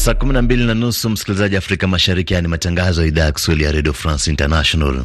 Saa kumi na mbili na nusu msikilizaji Afrika Mashariki, yani matangazo ya idhaa ya Kiswahili ya Radio France International.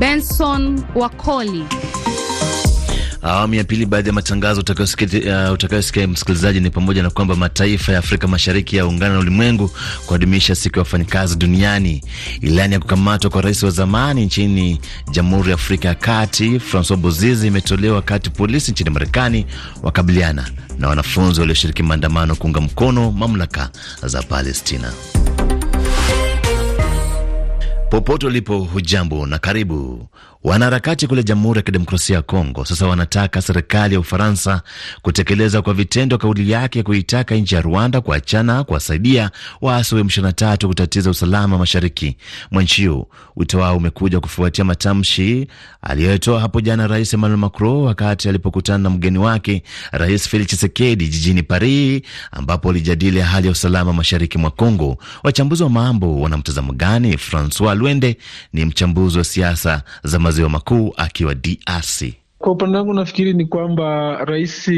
Benson Wakoli Awamu ya pili. Baadhi ya matangazo utakayosikia, uh, msikilizaji, ni pamoja na kwamba mataifa ya Afrika Mashariki yaungana na ulimwengu kuadhimisha siku ya wafanyakazi duniani. Ilani ya kukamatwa kwa rais wa zamani nchini Jamhuri ya Afrika ya Kati Francois bozizi imetolewa wakati polisi nchini Marekani wakabiliana na wanafunzi walioshiriki maandamano kuunga mkono mamlaka za Palestina. Popote ulipo, hujambo na karibu. Wanaharakati kule Jamhuri ya Kidemokrasia ya Kongo sasa wanataka serikali ya Ufaransa kutekeleza kwa vitendo kauli yake ya kuitaka nchi ya Rwanda kuachana kuwasaidia waasi wa M23 kutatiza usalama mashariki mwa nchi hiyo. Wito wao umekuja kufuatia matamshi aliyotoa hapo jana Rais Emmanuel Macron wakati alipokutana na mgeni wake Rais Felix Tshisekedi jijini Paris, ambapo walijadili hali ya usalama mashariki mwa Kongo. Wachambuzi wa mambo wana mtazamo gani? Francois Lwende ni mchambuzi wa siasa za maziwa makuu akiwa DRC. Kwa upande wangu nafikiri ni kwamba Rais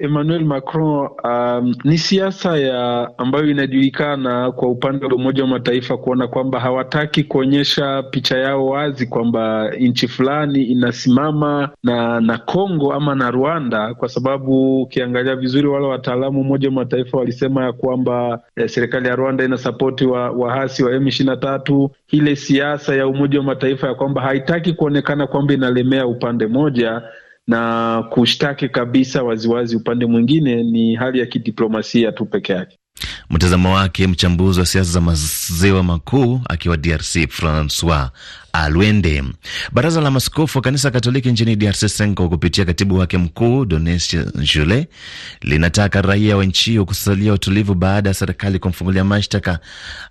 Emmanuel Macron um, ni siasa ya ambayo inajulikana kwa upande wa Umoja wa Mataifa kuona kwamba hawataki kuonyesha picha yao wazi kwamba nchi fulani inasimama na na Kongo ama na Rwanda, kwa sababu ukiangalia vizuri wale wataalamu Umoja wa Mataifa walisema ya kwamba eh, serikali ya Rwanda inasapoti wa waasi wa M ishirini na tatu. Ile siasa ya Umoja wa Mataifa ya kwamba haitaki kuonekana kwamba inalemea upande moja na kushtaki kabisa waziwazi upande mwingine ni hali ya kidiplomasia tu peke yake. Mtazamo wake mchambuzi wa siasa za maziwa makuu akiwa DRC Francois Alwende. Baraza la maskofu wa kanisa Katoliki nchini DRC Senko, kupitia katibu wake mkuu Dones Jule, linataka raia wa nchi hiyo kusalia utulivu baada ya serikali kumfungulia mashtaka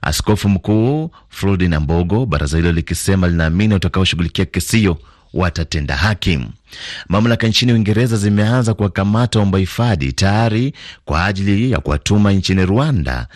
askofu mkuu Frodin Ambogo, baraza hilo likisema linaamini watakaoshughulikia kesi hiyo watatenda haki. Mamlaka nchini Uingereza zimeanza kuwakamata waomba hifadhi tayari kwa ajili ya kuwatuma nchini Rwanda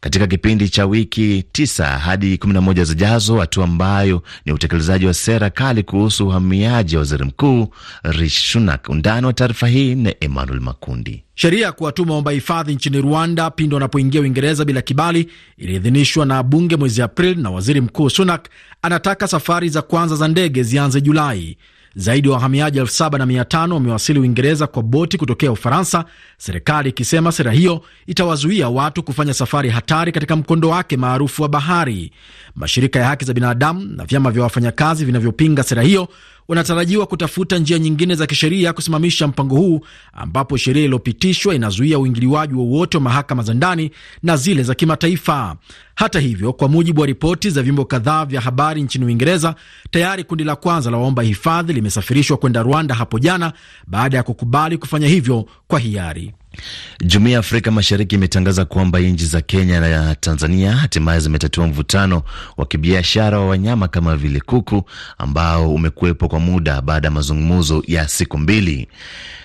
katika kipindi cha wiki 9 hadi 11 zijazo, hatua ambayo ni utekelezaji wa sera kali kuhusu uhamiaji wa waziri mkuu Rishi Sunak. Undani wa taarifa hii ni Emmanuel Makundi. Sheria ya kuwatuma waomba hifadhi nchini Rwanda pindi wanapoingia Uingereza bila kibali iliidhinishwa na bunge mwezi Aprili, na waziri mkuu Sunak anataka safari za kwanza za ndege zianze Julai. Zaidi ya wahamiaji elfu saba na mia tano wamewasili Uingereza kwa boti kutokea Ufaransa, serikali ikisema sera hiyo itawazuia watu kufanya safari hatari katika mkondo wake maarufu wa bahari. Mashirika ya haki za binadamu na vyama vya wafanyakazi vinavyopinga sera hiyo wanatarajiwa kutafuta njia nyingine za kisheria kusimamisha mpango huu, ambapo sheria iliyopitishwa inazuia uingiliwaji wowote wa mahakama za ndani na zile za kimataifa. Hata hivyo, kwa mujibu wa ripoti za vyombo kadhaa vya habari nchini Uingereza, tayari kundi la kwanza la waomba hifadhi limesafirishwa kwenda Rwanda hapo jana baada ya kukubali kufanya hivyo kwa hiari. Jumuiya ya Afrika Mashariki imetangaza kwamba nchi za Kenya na Tanzania hatimaye zimetatua mvutano wa kibiashara wa wanyama kama vile kuku ambao umekuwepo kwa muda baada ya mazungumzo ya siku mbili.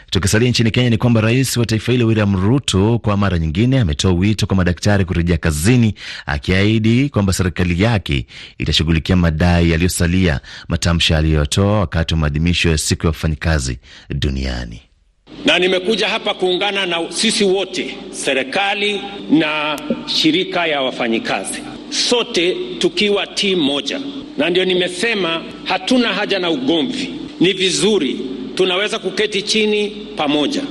Tukisalia nchini Kenya ni kwamba rais wa taifa hilo William Ruto kwa mara nyingine ametoa wito kwa madaktari kurejea kazini, akiahidi kwamba serikali yake itashughulikia madai yaliyosalia, matamshi aliyotoa wakati wa maadhimisho ya siku ya wafanyikazi duniani na nimekuja hapa kuungana na sisi wote, serikali na shirika ya wafanyikazi, sote tukiwa timu moja, na ndio nimesema hatuna haja na ugomvi. Ni vizuri tunaweza kuketi chini pamoja.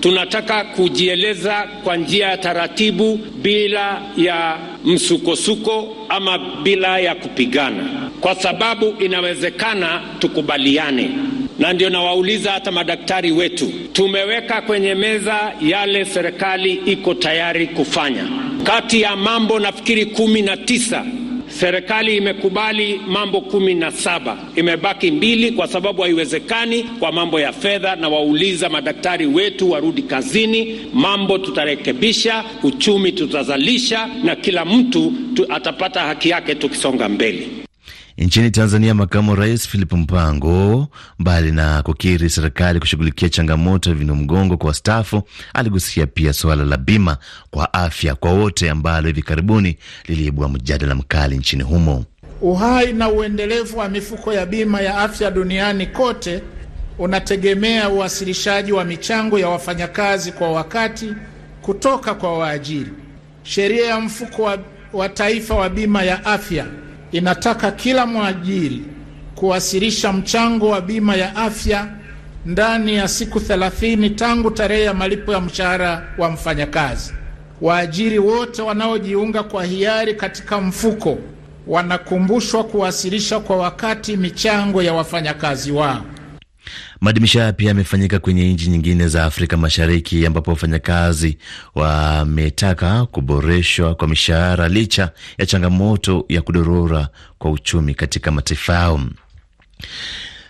Tunataka kujieleza kwa njia ya taratibu, bila ya msukosuko ama bila ya kupigana, kwa sababu inawezekana tukubaliane na ndio nawauliza hata madaktari wetu, tumeweka kwenye meza yale serikali iko tayari kufanya. Kati ya mambo nafikiri kumi na tisa serikali imekubali mambo kumi na saba imebaki mbili kwa sababu haiwezekani kwa mambo ya fedha. Na wauliza madaktari wetu warudi kazini, mambo tutarekebisha, uchumi tutazalisha, na kila mtu tu atapata haki yake tukisonga mbele. Nchini Tanzania, makamu wa rais Philip Mpango, mbali na kukiri serikali kushughulikia changamoto ya mgongo kwa wastaafu, aligusia pia suala la bima kwa afya kwa wote ambalo hivi karibuni liliibua mjadala mkali nchini humo. Uhai na uendelevu wa mifuko ya bima ya afya duniani kote unategemea uwasilishaji wa michango ya wafanyakazi kwa wakati kutoka kwa waajiri. Sheria ya mfuko wa, wa taifa wa bima ya afya inataka kila mwajiri kuwasilisha mchango wa bima ya afya ndani ya siku 30 tangu tarehe ya malipo ya mshahara wa mfanyakazi. Waajiri wote wanaojiunga kwa hiari katika mfuko wanakumbushwa kuwasilisha kwa wakati michango ya wafanyakazi wao. Maadhimisho haya pia yamefanyika kwenye nchi nyingine za Afrika Mashariki ambapo wafanyakazi wametaka kuboreshwa kwa mishahara licha ya changamoto ya kudorora kwa uchumi katika mataifa yao.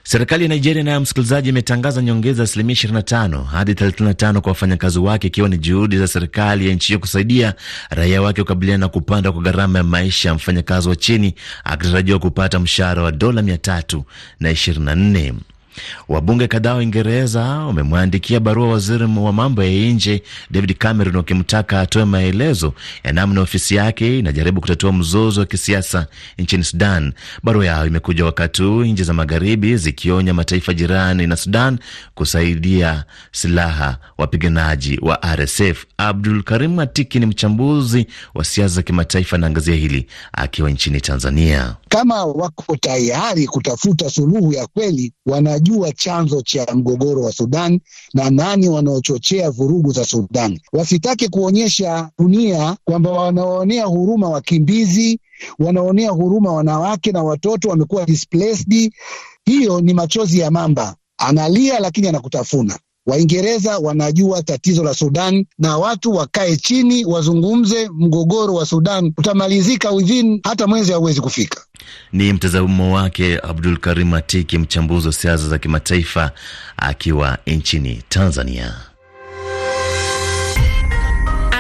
Serikali ya Nigeria nayo, msikilizaji, imetangaza nyongeza asilimia 25 hadi 35 kwa wafanyakazi wake, ikiwa ni juhudi za serikali ya nchi hiyo kusaidia raia wake kukabiliana na kupanda kwa gharama ya maisha. Mfanyakazi wa chini akitarajiwa kupata mshahara wa dola 324. Wabunge kadhaa wa Uingereza wamemwandikia barua waziri wa mambo ya nje David Cameron wakimtaka atoe maelezo ya namna ofisi yake inajaribu kutatua mzozo wa kisiasa nchini Sudan. Barua yao imekuja wakati huu nchi za magharibi zikionya mataifa jirani na Sudan kusaidia silaha wapiganaji wa RSF. Abdul Karim Atiki ni mchambuzi wa siasa za kimataifa na angazia hili akiwa nchini Tanzania. Kama wako tayari kutafuta suluhu ya kweli wana wanajua chanzo cha mgogoro wa Sudan na nani wanaochochea vurugu za Sudan. Wasitake kuonyesha dunia kwamba wanaonea huruma wakimbizi, wanaonea huruma wanawake na watoto wamekuwa displaced. Hiyo ni machozi ya mamba, analia lakini anakutafuna. Waingereza wanajua tatizo la Sudan na watu wakae chini wazungumze, mgogoro wa Sudan utamalizika within hata mwezi hauwezi kufika. Ni mtazamo wake Abdul Karim Atiki, mchambuzi wa siasa za kimataifa akiwa nchini Tanzania.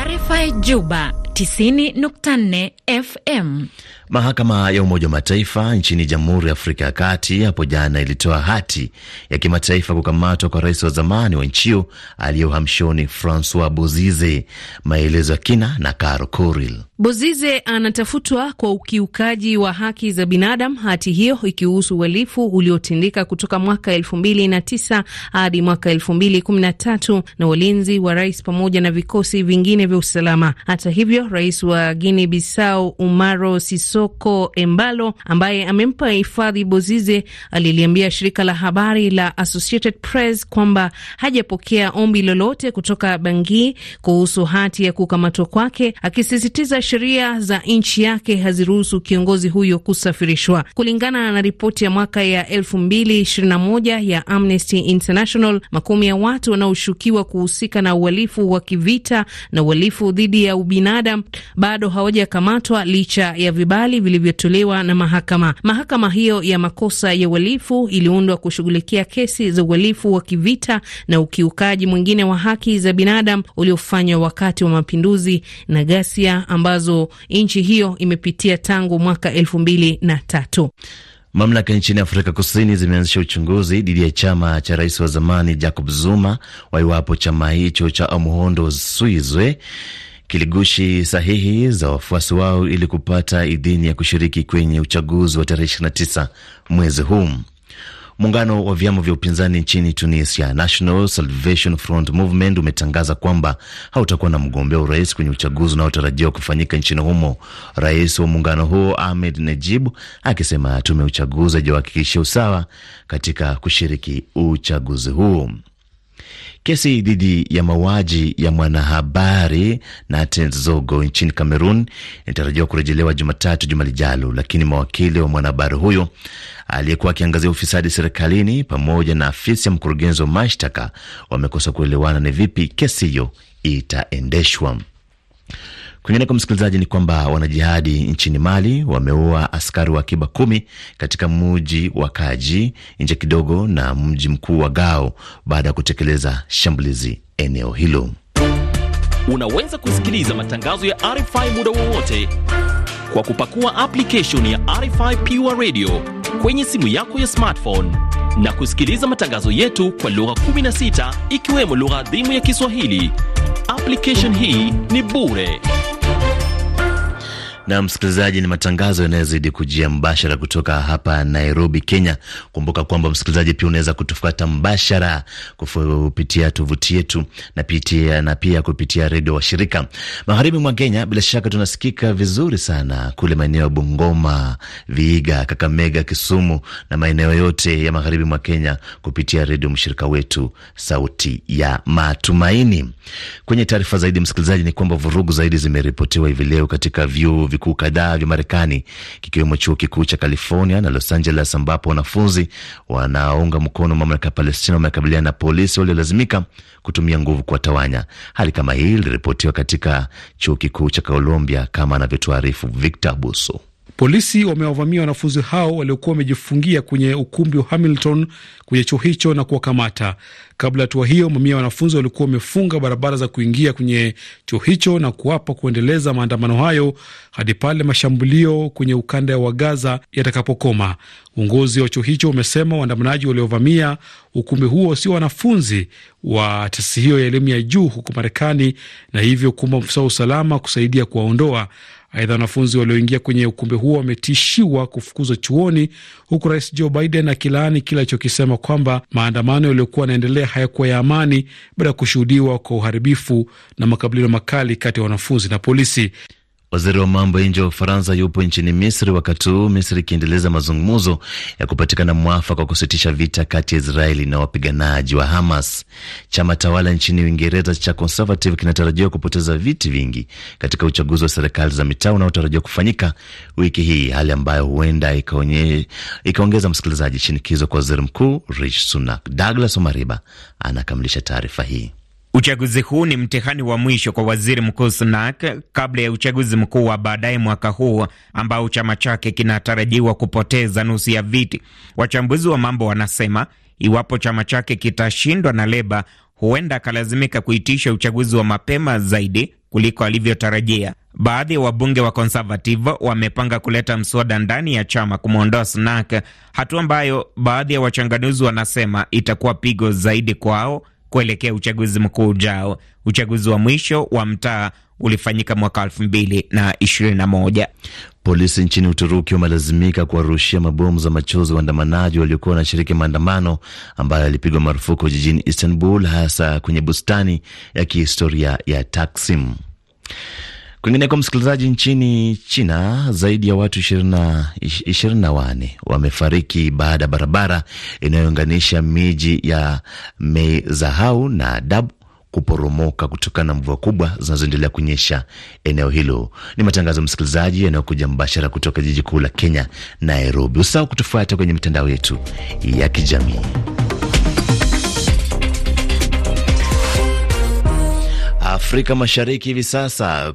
RFI Juba 90.4 FM. Mahakama ya Umoja wa Mataifa nchini Jamhuri ya Afrika ya Kati hapo jana ilitoa hati ya kimataifa kukamatwa kwa rais wa zamani wa nchi hiyo aliye uhamshoni Francois Bozize. Maelezo ya kina na Caro Coril. Bozize anatafutwa kwa ukiukaji wa haki za binadamu, hati hiyo ikihusu uhalifu uliotindika kutoka mwaka 2009 hadi mwaka 2013 na walinzi wa rais pamoja na vikosi vingine vya usalama. Hata hivyo rais wa Guinea Bissau Umaro Sisoko Embalo, ambaye amempa hifadhi Bozize, aliliambia shirika la habari la Associated Press kwamba hajapokea ombi lolote kutoka Bangui kuhusu hati ya kukamatwa kwake, akisisitiza sheria za nchi yake haziruhusu kiongozi huyo kusafirishwa. Kulingana na ripoti ya mwaka ya 2021 ya Amnesty International, makumi ya watu wanaoshukiwa kuhusika na uhalifu wa kivita na uhalifu dhidi ya ubinadamu binadamu bado hawajakamatwa licha ya vibali vilivyotolewa na mahakama. Mahakama hiyo ya makosa ya uhalifu iliundwa kushughulikia kesi za uhalifu wa kivita na ukiukaji mwingine wa haki za binadamu uliofanywa wakati wa mapinduzi na ghasia ambazo nchi hiyo imepitia tangu mwaka elfu mbili na tatu. Mamlaka nchini Afrika Kusini zimeanzisha uchunguzi dhidi ya chama cha rais wa zamani Jacob Zuma waiwapo chama hicho cha Umkhonto Sizwe kiligushi sahihi za wafuasi wao ili kupata idhini ya kushiriki kwenye uchaguzi wa tarehe 29 mwezi huu. Muungano wa vyama vya upinzani nchini Tunisia, National Salvation Front Movement, umetangaza kwamba hautakuwa na mgombea urais kwenye uchaguzi unaotarajiwa kufanyika nchini humo, rais wa muungano huo Ahmed Najib akisema tume ya uchaguzi hajahakikishia usawa katika kushiriki uchaguzi huu. Kesi dhidi ya mauaji ya mwanahabari Naten Zogo nchini Kamerun inatarajiwa kurejelewa Jumatatu juma lijalo, lakini mawakili wa mwanahabari huyo aliyekuwa akiangazia ufisadi serikalini pamoja na afisi ya mkurugenzi wa mashtaka wamekosa kuelewana ni vipi kesi hiyo itaendeshwa kwa msikilizaji, ni kwamba wanajihadi nchini Mali wameua askari wa akiba kumi katika mji wa Kaji nje kidogo na mji mkuu wa Gao baada ya kutekeleza shambulizi eneo hilo. Unaweza kusikiliza matangazo ya RFI muda wowote kwa kupakua application ya RFI Pure Radio kwenye simu yako ya smartphone na kusikiliza matangazo yetu kwa lugha 16 ikiwemo lugha adhimu ya Kiswahili. Application hii ni bure. Na msikilizaji, ni matangazo yanayozidi kujia mbashara kutoka hapa Nairobi, Kenya. Kumbuka kwamba msikilizaji, pia unaweza kutufuata mbashara kupitia tovuti yetu na pitia, na pia kupitia redio wa shirika magharibi mwa Kenya. Bila shaka tunasikika vizuri sana kule maeneo ya Bungoma, Viiga, Kakamega, Kisumu na maeneo yote ya magharibi mwa Kenya kupitia redio mshirika wetu Sauti ya Matumaini. Kwenye taarifa zaidi, msikilizaji, ni kwamba vurugu zaidi zimeripotiwa hivi leo katika vyuo vikuu kadhaa vya Marekani, kikiwemo chuo kikuu cha California na Los Angeles, ambapo wanafunzi wanaounga mkono mamlaka ya Palestina wamekabiliana na polisi waliolazimika kutumia nguvu kuwatawanya. Hali kama hii iliripotiwa katika chuo kikuu cha Columbia, kama anavyotuarifu Victor Buso. Polisi wamewavamia wanafunzi hao waliokuwa wamejifungia kwenye ukumbi wa Hamilton kwenye chuo hicho na kuwakamata. Kabla ya hatua hiyo, mamia ya wanafunzi walikuwa wamefunga barabara za kuingia kwenye chuo hicho na kuapa kuendeleza maandamano hayo hadi pale mashambulio kwenye ukanda wa Gaza yatakapokoma. Uongozi wa chuo hicho umesema waandamanaji waliovamia ukumbi huo sio wanafunzi wa taasisi hiyo ya elimu ya juu huko Marekani, na hivyo kuomba maafisa wa usalama kusaidia kuwaondoa. Aidha, wanafunzi walioingia kwenye ukumbi huo wametishiwa kufukuzwa chuoni, huku rais Joe Biden akilaani kile alichokisema kwamba maandamano yaliyokuwa yanaendelea hayakuwa ya amani, baada ya kushuhudiwa kwa uharibifu na makabiliano makali kati ya wanafunzi na polisi. Waziri wa mambo ya nje wa Ufaransa yupo nchini Misri wakati huu Misri ikiendeleza mazungumzo ya kupatikana mwafaka wa kusitisha vita kati ya Israeli na wapiganaji wa Hamas. Chama tawala nchini Uingereza cha Conservative kinatarajiwa kupoteza viti vingi katika uchaguzi wa serikali za mitaa unaotarajiwa kufanyika wiki hii, hali ambayo huenda ikaongeza, msikilizaji, shinikizo kwa waziri mkuu Rishi Sunak. Douglas Omariba anakamilisha taarifa hii. Uchaguzi huu ni mtihani wa mwisho kwa waziri mkuu Sunak kabla ya uchaguzi mkuu wa baadaye mwaka huu ambao chama chake kinatarajiwa kupoteza nusu ya viti. Wachambuzi wa mambo wanasema iwapo chama chake kitashindwa na Leba, huenda akalazimika kuitisha uchaguzi wa mapema zaidi kuliko alivyotarajia. Baadhi ya wabunge wa Conservative wamepanga kuleta mswada ndani ya chama kumwondoa Sunak, hatua ambayo baadhi ya wachanganuzi wanasema itakuwa pigo zaidi kwao kuelekea uchaguzi mkuu ujao. Uchaguzi wa mwisho wa mtaa ulifanyika mwaka elfu mbili na ishirini na moja. Polisi nchini Uturuki wamelazimika kuwarushia mabomu za machozi waandamanaji waliokuwa wanashiriki maandamano ambayo yalipigwa marufuku jijini Istanbul, hasa kwenye bustani ya kihistoria ya Taksim. Kwingineko, msikilizaji, nchini China zaidi ya watu ishirini na wane wamefariki baada ya barabara inayounganisha miji ya Meizahau na Dabu kuporomoka kutokana na mvua kubwa zinazoendelea kunyesha eneo hilo. Ni matangazo msikilizaji, yanayokuja mbashara kutoka jiji kuu la Kenya, Nairobi. Usahau kutufuata kwenye mitandao yetu ya kijamii. Afrika Mashariki hivi sasa